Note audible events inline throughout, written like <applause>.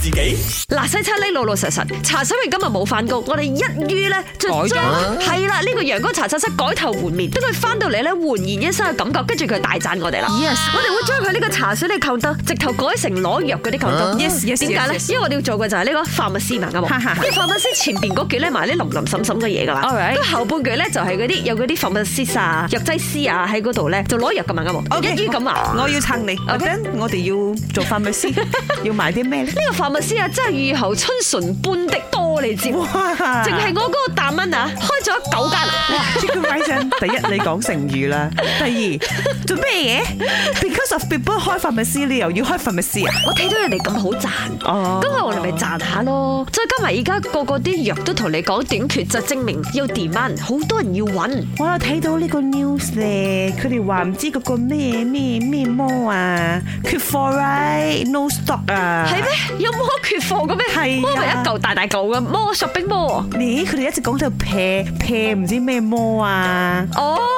自己嗱，西七呢，老老實實，茶水明今日冇翻工，我哋一於咧改咗，係啦，呢個陽光茶室室改頭換面，等佢翻到嚟咧煥然一新嘅感覺，跟住佢大讚我哋啦。Yes，我哋會將佢呢個茶水嘅購到，直頭改成攞藥嗰啲購到。Yes，Yes，點解咧？因為我哋要做嘅就係呢個 pharmacist 文。m 啊，嘛，pharmacist 前邊嗰句咧埋啲林林沈沈嘅嘢噶啦，咁後半句咧就係嗰啲有嗰啲 pharmacist 啊、藥劑師啊喺嗰度咧就攞藥咁。嘛，啱一於咁啊，我要撐你，我哋要做 pharmacist，要賣啲咩？呢個法密斯啊，真係雨後春筍般的多嚟接，淨係哇我嗰個大蚊啊哇，開咗九間。哇，第一你講成語啦，第二做咩嘢？Because of people 開法密斯，你又要開法密斯。啊？我睇到人哋咁好賺，咁、哦、我哋咪賺下咯。哦埋而家個個啲藥都同你講短缺，就證明有 demand，好多人要搵。我有睇到呢個 news 咧，佢哋話唔知嗰個咩咩咩魔啊，缺貨啊、right?，no stock 啊，係咩？有，有缺貨是、啊、魔缺貨嘅咩？係魔咪一嚿大大嚿嘅魔術冰魔。咦？佢哋一直講就劈劈唔知咩魔啊。哦。Oh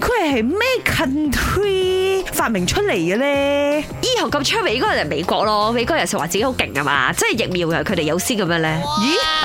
佢係咩 country 發明出嚟嘅咧？醫學咁出名應該係美國咯，美國人就話自己好勁啊嘛，即係疫苗又佢哋有先咁樣咧？咦？誒、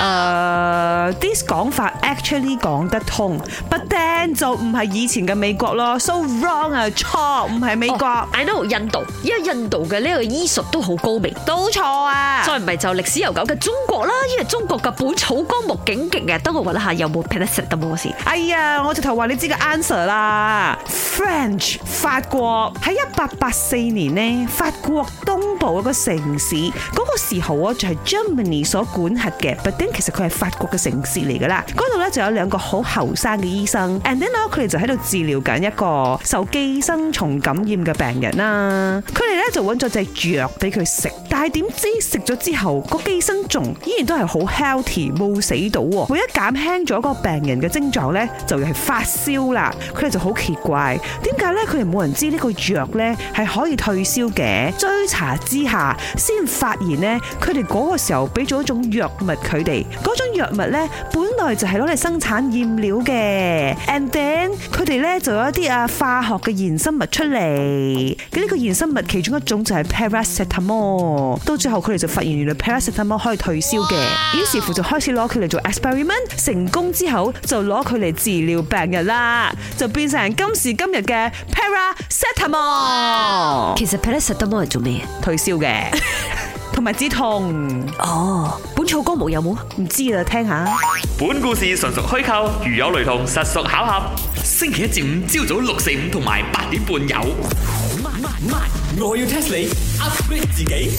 uh,，this 講法 actually 講得通 <laughs> ，but then 就唔係以前嘅美國咯，so wrong 啊，錯唔係美國。Oh, I know 印度，因為印度嘅呢個醫術都好高明，都錯啊。再唔係就歷史悠久嘅中國啦，因為中國嘅《本草綱目》景勁嘅，等我揾下有冇 perfect 的模式。哎呀，我直頭話你知個 answer 啦。啊，French，法國喺一八八四年呢，法國東部一個城市，嗰、嗰個時候啊就係 Germany 所管轄嘅，But then，其實佢係法國嘅城市嚟噶啦。嗰度咧就有兩個好後生嘅醫生，And then 咧佢哋就喺度治療緊一個受寄生蟲感染嘅病人啦。佢哋咧就揾咗隻藥俾佢食。但係點知食咗之後，個寄生蟲依然都係好 healthy 冇死到，每一減輕咗個病人嘅症狀呢，就係發燒啦。佢哋就好奇怪，點解呢？佢哋冇人知呢個藥呢係可以退燒嘅。追查之下先發現呢，佢哋嗰個時候俾咗一種藥物佢哋，嗰種藥物呢，本來就係攞嚟生產染料嘅。And then 佢哋呢就有一啲啊化學嘅衍生物出嚟，嗰呢個衍生物其中一種就係 paracetamol。到最後佢哋就發現原來 paracetamol 可以退燒嘅，於是 Wow. 乎就開始攞佢嚟做 experiment，成功之後就攞佢嚟治療病人啦，就變成今時今日嘅 paracetamol。O、Wow. 其實 paracetamol 係做咩啊？退燒嘅，同埋 <laughs> 止痛。哦，oh. 本草綱目有冇啊？唔知啊，聽下。本故事純屬虛構，如有雷同，實屬巧合。星期一至五朝早六四五同埋八點半有。Oh、my, my, my. 我要 test 你，upgrade 自己。